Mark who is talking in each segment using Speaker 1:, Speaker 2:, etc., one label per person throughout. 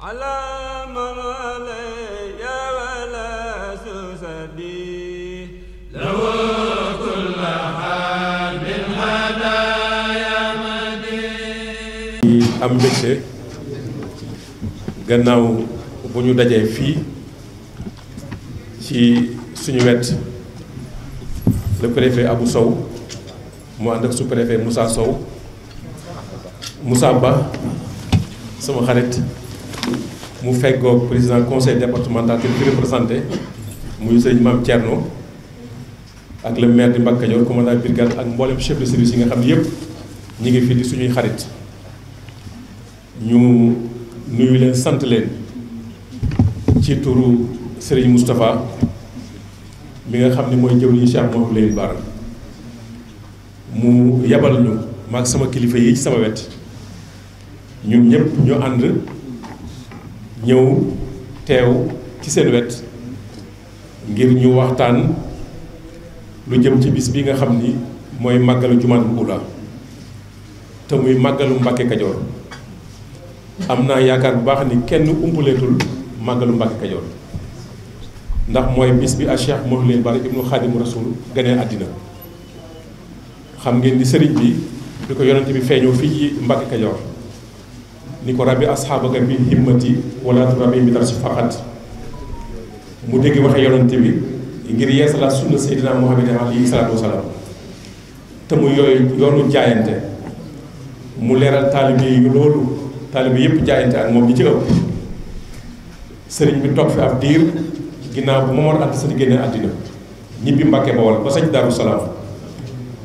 Speaker 1: am mbégte gannaaw bu ñu dajee fii ci suñu wet le préfet Abou Sow mu ànd ak sous préfet Moussa Sow musaa Ba sama xarit mu feggoog président conseil départemental te fi représenté muy sëñ maam Thierno ak le maire di Mbacké Kadior commandant brigade ak mboolem chef de service yi nga xam ne yëpp ñu ngi fii di suñuy xarit ñu nuyu leen sant leen ci turu Serigne Moustapha mi nga xam ne mooy jëwriñu Cheikh Mouhamadou Lamine Bara mu yabal ñu maag sama kilifa yi ci sama wet ñun ñëpp ñu ànd. ñëw teew ci seen wet ngir ñu waxtaan lu jëm ci bis bi nga xam ni mooy màggalu Jumatul Ula te muy màggalu Mbàkke Kajoor am naa yaakaar bu baax ni kenn umpaleetul màggalu Mbàkke Kajoor ndax mooy bis bi a Cheikh Mawlid leen Bara ibnu Xaadimu Rasuul gane àddina xam ngeen ni sëriñ bi bi ko yonente bi feeñoo fii ci Mbàkke Kajoor niko rabbi asxaabaka bil himmati wala rabbi bi darsi faqat mu dégg waxe yonante bi ngir yeesalaat sunna sayyidina muhammad alayhi salaatu wasalaam te mu yoy yonu jaayante mu leral talibi yi lolou talibi yep jaayante ak mom bi ci ëpp serigne bi tok fi ab dir ginaaw bu Momar Anta Sali génne àddina ñibbi Mbàkke Bawol ba sañ daru salam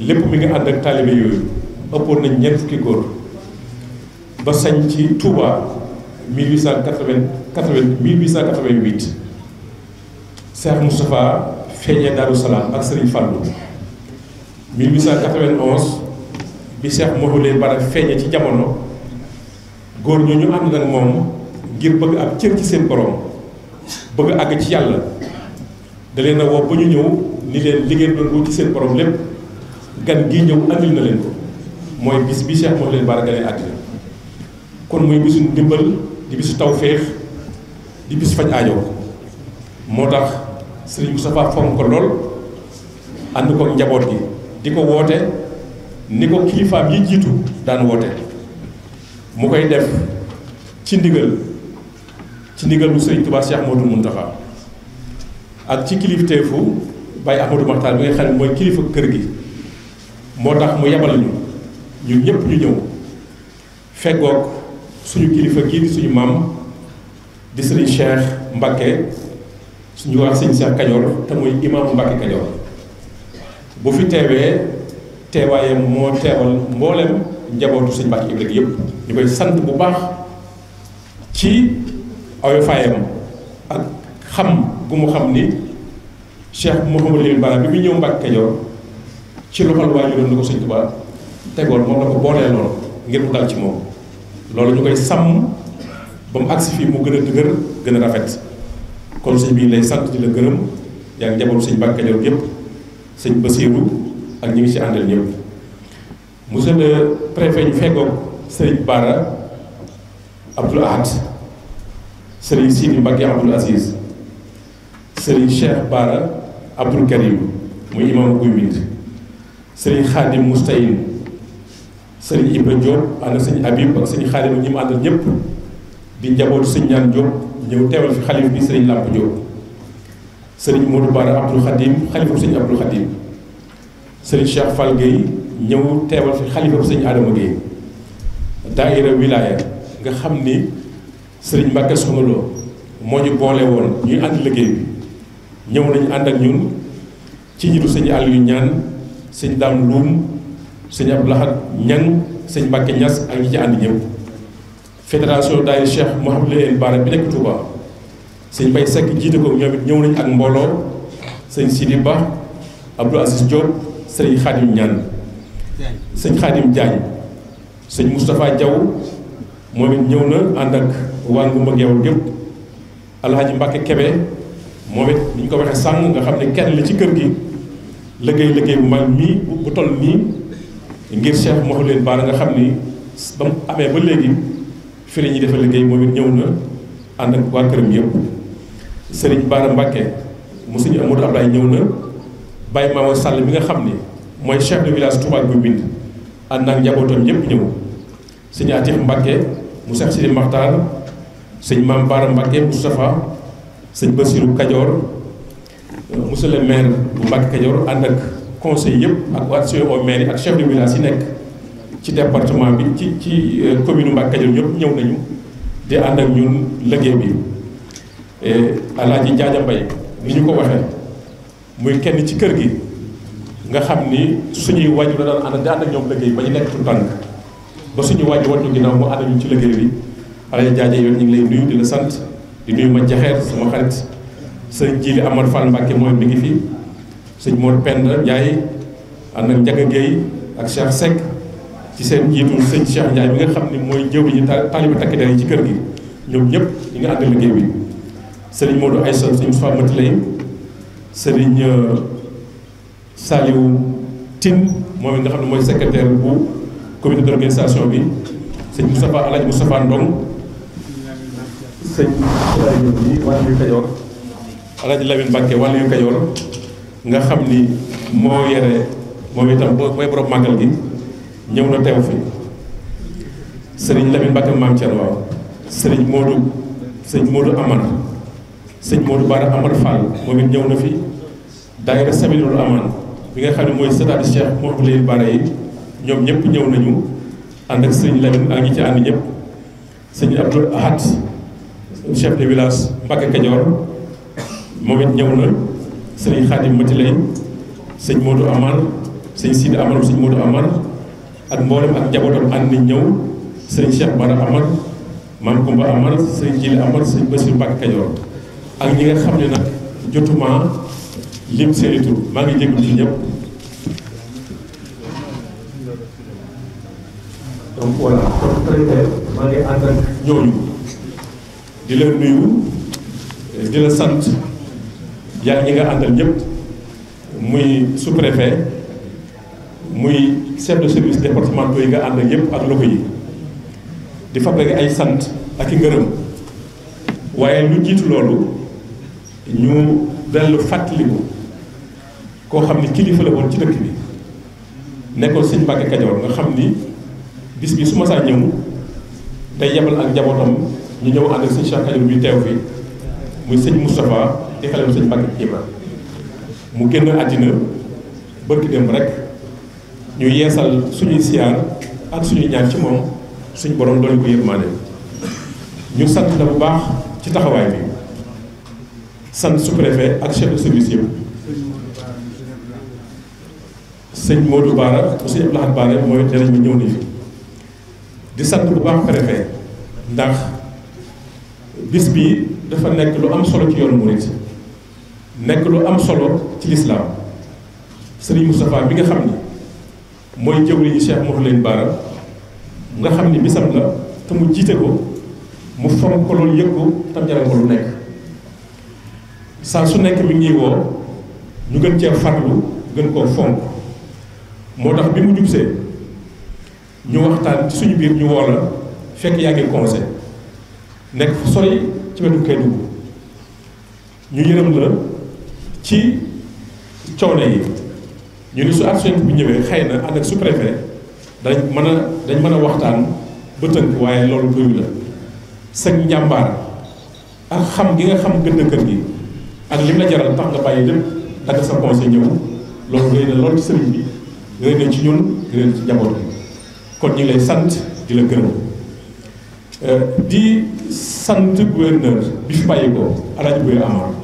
Speaker 1: lépp mi nga ànd ak talibi yoy ëppoon nañ ñeent fukki góor ba sañ ci Touba 1880 1888 Cheikh Moustapha feeñee Darou Salaam ak Serigne Fallou 1891 bi Cheikh Mouhoulé Bara feeñee ci jamono góor ñooñu ànd nag moom ngir bëgg ab cër ci seen borom bëgg àgg ci yàlla da leen a woo ba ñu ñëw ni leen li ngeen doon ci seen borom lépp gan gii ñëw andil na leen ko mooy bis bi Cheikh Mouhoulé Bara gane àddina kon muy bisu ndimbal di bisu tawféex di bisu faj aajo moo tax sëriñ Moustapha fonk ko lool ànd ko njaboot gi di ko woote ni ko kilifaam yi jiitu mu koy def ci ndigal ci ndigal bu sëriñ Tuubaa Cheikh Modou Mountakha ak ci kilifteefu Baye Ahmadou Makhtar bi nga xam ne kilifa kër gi moo mu yabal ñu ñun ñu suñu kilifa kii di suñu maam di sëriñ Cheikh Mbacké suñu wax sëriñ Cheikh Kajoor te muy imaamu Mbacké Kajoor bu fi teewee teewaayam moo teewal mboolem njabootu suñu Mbacké Ibrahima yépp ñu koy sant bu baax ci awe faayam ak xam gu mu xam ni Cheikh Mouhamadou Lamine Bara bi muy ñëw Mbacké Kajoor ci loxol waajuram la ko sëriñ Tuubaa tegoon moom la ko booleel ngir mu dal ci moom loolu ñu koy sàmm ba mu agsi fii mu gën a dëgër gën a rafet kon sëñ bi lay sant di la gërëm yaa ngi njaboot sëñ Mbàkke Kajoor yépp sëñ Basiiru ak ñi ngi ci àndal ñëpp monsieur le préfet ñu feggoog sëriñ Bara Abdoul Ahad sëriñ Sidi Mbàkke Abdoul Aziz sëriñ Cheikh Bara Abdoul Karim muy imam guy wind sëriñ Xaadim Mustayin sëriñ Ibra Diop ànd ak sëriñ Habib ak sëriñ Xaadim mu àndal ñëpp di njabootu sëriñ ñaan Diop ñëw teewal fi xalif bi sëriñ Lamp Diop sëriñ Modou Bara Abdoul Khadim xalifa sëriñ Abdoul Khadim sëriñ Cheikh Fall Gueye ñëw teewal fi xalifa sëriñ Adama Gueye daaira wilaya nga xam ni sëriñ Mbàkke Soxna moo ñu boole woon ñuy ànd liggéey bi ñëw nañu ànd ak ñun ci njiitu sëñ Aliou ñaan sëñ Dame Loum sëñ Abdou Lahad Ñang sëñ Mbàkke Ñas ak ñi ci ànd ñëpp fédération daayira Cheikh Mouhamadou Lamine Bara bi nekk Touba sëñ Bay Seck jiite ko ñoom it ñëw nañ ak mbooloo sëñ Sidi Ba Abdou Aziz Diop sëñ Xaadim Ñaan sëñ Xaadim Diagne sëñ Moustapha Diaw moom it ñëw na ànd ak waa Ngumba Ngeewal gépp Alhaji Mbàkke Kebe moom it ni ñu ko waxee sànq nga xam ne kenn la ci kër gi liggéey liggéey bu mag mii bu toll nii ngir Cheikh Mouhamadou leen Baara nga xam ni ba mu amee ba léegi fii la ñuy defal liggéey moom it ñëw na ànd ak waa këram yëpp Serigne Baara Mbacke mu Serigne Amadou Abdoulaye ñëw na Baye Mamadou Sall bi nga xam ni mooy chef de village Touba bu bind ànd ak njabootam yëpp ñëw Serigne mu Cheikh Sidi Makhtar Serigne Mame Baara Mbacke Moustapha Serigne Bassirou Kadior monsieur le maire bu Mbacke Kadior ànd ak. conseil yëpp ak adjoint au maire ak chef de village yi nekk ci departement bi ci ci euh, commune Mbacke Kadior yëpp ñëw nañu di ànd ak ñun liggéey bi Alaaji Njaaja Mbay ni ñu ko waxee muy kenn ci kër gi nga xam ni suñuy waajur la daan ànd di ànd ak ñoom liggéey ba ñu nekk tout tànk su suñu waajur war ñu ginnaaw mu ànd ñu ci liggéey bi Alaaji Njaaja yoon ñu ngi lay nuyu di la sant di nuyu ma jaxeer sama xarit sëñ Jili Amar Fall Mbacke mooy mi ngi fii sëñ Mor Penda Ndiaye ànd ak Ndiaga Gueye ak Cheikh Seck ci seen jiitu sëñ Cheikh Ndiaye bi nga xam ne mooy njëwriñu taaliba takk der yi ci kër gi ñoom ñëpp ñi nga ànd liggéey bi sëriñ Modou Aïssa sëñ Fama Tilay sëriñ euh, Saliou Tine moom it nga xam ne mooy secrétaire bu comité d'organisation bi sëñ Moustapha Alaaji Moustapha Ndong sëñ Alaaji Lamine Kajoor Alaaji Lamine Mbacke wàllu yu Kajoor nga xam ni moo yere moom itam mooy borom màggal gi ñëw na teew fi sëriñ Lamine Mbacke maam Thierno waaw sëriñ Modou sëriñ Modou Amar Bara Amar Fall moom it ñëw na fi daayira Sabilul Aman bi nga xam ne mooy sëtaati Cheikh Modou Leen Bara yi ñoom ñëpp ñëw nañu ànd ak sëriñ Lamine ak ñi ci ànd ñëpp sëñ Abdoul Ahad chef de village Mbacke Kadior moom it ñëw na sëriñ Xaadim Mati Lay sëñ Modou Amar sëñ Sidi Amar sëñ Modou ak mboolem ak njabootam ànd nañ ñëw sëriñ Cheikh Bara maam Kumba Amar sëriñ Jili Amar sëñ Bassirou Mbacke Kajoor ak ñi nga xam ne nag jotuma lim seeni tur maa ngi jégalu ci ñëpp. donc di la nuyu di la sant. yaa yi nga àndal ñëpp muy sous-préfet muy chef de service départementaux yi nga àndal yëpp ak locaux yi di fabriquer ay sant ak i ngërëm waaye lu jiitu loolu ñu dellu fàttaliku koo xam ni kilifa la woon ci dëkk bi nekkoon sëñ Mbàkke Kajoor nga xam ni bis bi su ma saa ñëw day yebal ak njabootam ñu ñëw ànd ak sëñ Cheikh Kajoor muy teew fi muy sëñ Moustapha ci xelam sëñ Mbàkke Kiima mu génn àddina bëgg dem rek ñu yeesal suñuy siyaar ak suñu ñaan ci moom suñu borom doon ko yërmaande ñu sant la bu baax ci taxawaay bi sant sous-préfet ak chef de service yëpp sëñ Modou Baara bu sëñ Abdou Lahad Baara mooy danañ mi ñëw nii di sant bu baax préfet ndax bis bi dafa nekk lu am solo ci yoonu murit nekk lu am solo ci lislaam sëriñ Moustapha bi nga xam ni mooy jëwriñu Cheikh Mouhamadou Lamine Bara nga xam ni bisam la te mu jiite ko mu fonk ko loolu yëg ko tam jaral ko lu nekk saa su nekk mi ngi woo ñu gën cee farlu gën koo fonk moo tax bi mu jubsee ñu waxtaan ci suñu biir ñu woo la fekk yaa ngi conseil nekk fu sori ci wetu Kédougou ñu yërëm la ci coono yi ñu ni su absent bu ñëwee xëy na ànd ak sous-préfet dañ mën a dañ mën a waxtaan ba tënk waaye loolu doyu la sag njàmbaar ak xam gi nga xam gëdd kër gi ak lim la jaral tax nga bàyyi lépp dagg sa conseil ñëw loolu rëy na loolu ci sëriñ bi rëy ci ñun rëy ci njaboot bi kon ñu ngi lay sant di la gërëm euh, di sant gouverneur bi fi bàyyi ko Alaaji Buye Amar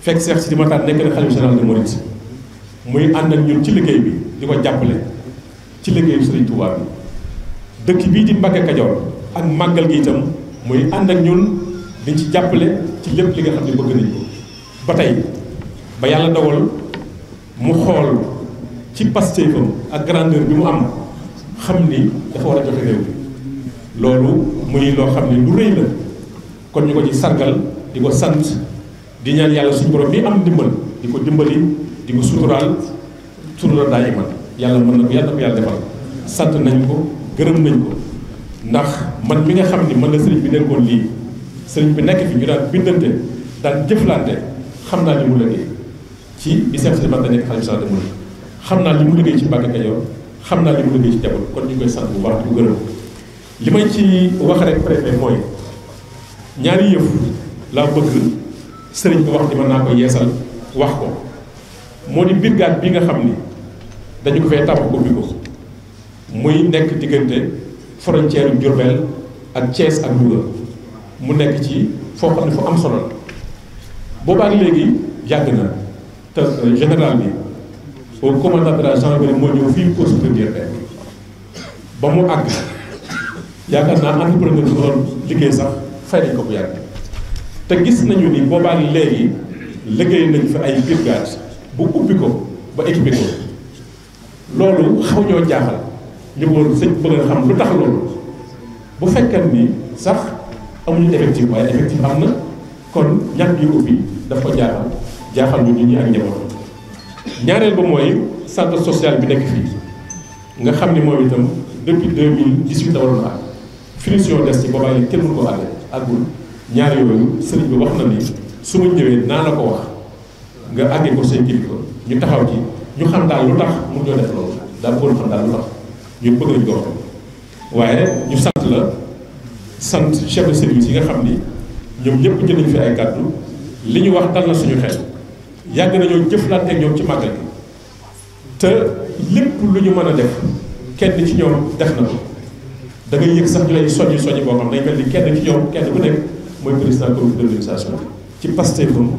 Speaker 1: fekk Cheikh Sidi Makhtar nekk na xalifa général de Mouride muy ànd ak ñun ci liggéey bi di ko jàppale ci liggéeyu Serigne Touba bi dëkk bii di Mbacke Kajoor ak màggal gi itam muy ànd ak ñun dañ ci jàppale ci lépp li nga xam ne bëgg nañ ko ba tey ba yàlla dogal mu xool ci pastéefam ak grandeur bi mu am xam ni dafa war a joxe réew mi loolu muy loo xam ne lu rëy la kon ñu ko ci sargal di ko sant di ñaan yàlla suñu borom mi am dimbal di ko dimbali di ko suturaal sutura daa iman yàlla mën na ko yàlla yàlla defal sant nañ ko gërëm nañ ko ndax man bi nga xam ni man la sëriñ bi nekkoon lii sëriñ bi nekk fi ñu daan bindante daan jëflante xam naa li mu liggéey ci bi seen sëriñ man da nekk xalifa xam naa mu liggéey ci Mbàkke Kajoor xam naa li mu liggéey ci jabol kon ñu koy sant bu baax di ko gërëm li may ci wax rek préfet mooy ñaari yëf laa bëgg sëriñ wax ko yeesal wax ko di bi nga xam dañu ko fee tabax ubbi ko muy nekk diggante frontière Diourbel ak Thiès ak Louga mu nekk ci foo xam ne am solo la boobaak léegi yàgg na te euh, général bi au commandant de la gendarmerie moo ñëw fii pour soutenir leen ba mu entrepreneur sax fay ko bu te gis nañu ni yi léegi liggéey nañ fa ay brigade bu ubbi ko ba équipé ko loolu xaw ñoo jaaxal ñu woon sëñ bëgg a xam lu tax loolu bu fekkan ni sax amuñu effectif waaye effectif am na kon ñàkk yu ubbi daf ko jaaxal jaaxal ñu ñi ak njaboot ñaareel ba mooy centre social bi nekk fii nga xam ni moom itam depuis 2018 la waroon a am finition des ci boobaa yi kenn mënu ko àlle àggul ñaar yooyu sëriñ bi wax na ni su ma ñëwee naa la ko wax nga àggee ko say kilifa ñu taxaw ci ñu xam daal lu tax mu ñoo def loolu daa bëggoon xam daal lu tax ñu bëgg nañ ko waaye ñu sant la sant chef yi nga xam ni ñoom ñëpp jël nañu fi ay kàddu li ñu wax dal na suñu xel yàgg nañoo jëflante ñoom ci màggal gi te lépp lu ñu mën a def kenn ci ñoom def na ko da yëg sax ñu lay soññi soññi boo xam ne dañu mel ni kenn ci ñoom kenn bu nekk. mooy président comité d'organisation ci pasteefam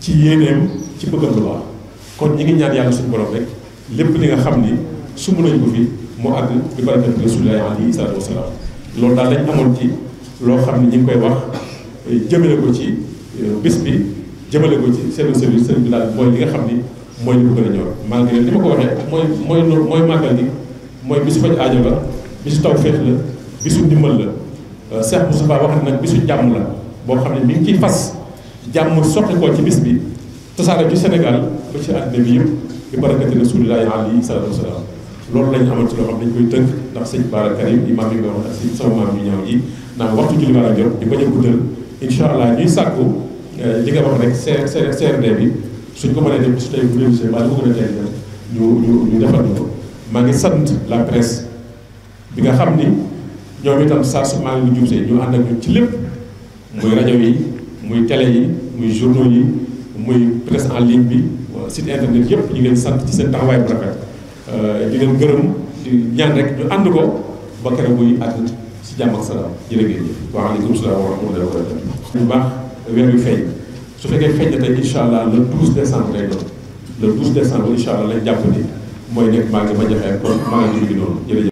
Speaker 1: ci yéeneem ci bëggam lu baax kon ñi ngi ñaan yàlla suñu borom rek lépp li nga xam ni su nañ ko fi moo àgg bi barakat rasulillahi alayhi salaatu wasalaam loolu daal lañ amoon ci loo xam ne ñu ngi koy wax ko ci euh, bis bi jëmale ko ci seen service sëriñ bi daal mooy li nga xam ni mooy li ko gën a ñor malgré li ma ko waxee mooy mooy mooy màggal gi mooy bisu faj la bisu taw féex la euh, wax na nag bisu jàmm la boo xam ne mi ngi ciy fas jàmm soqi koo ci bis bi tasaare ci Sénégal ba ci àddina bi yëpp di barakati rasulillahi alayhi salaatu wasalaam loolu lañ amal ci loo xam dañ koy tënk ndax sëñ Bara Karim imam bi nga wax ak si maam yi naan waxtu julli war a jot di bañ a guddal incha allah ñuy sàkku eh, li nga wax bi suñ ko mënee def su tey ñu ñu ñu maa ngi sant la presse bi nga xam ni ñoom itam saa su maa ngi jubsee ñu ànd ak ñun ci lépp muy rajo yi muy télé yi muy journaux yi muy presse en ligne bi site internet yëpp ñu ngi leen sant ci seen taxawaay bu rafet euh, di leen gërëm di ñaan rek ñu ànd ko ba keroog buy àgg si jàmm ak salaam jërë ngeen jëf. waaleykum salaam wa rahmatulah wa barakatuh. bu baax weer wi feeñ su fekkee feeñ na tey incha allah le 12 décembre lay doon le 12 décembre incha allah lañ jàpp ni mooy nekk maa ngi ma jafe kon maa ngi dugg noonu jërëjëf.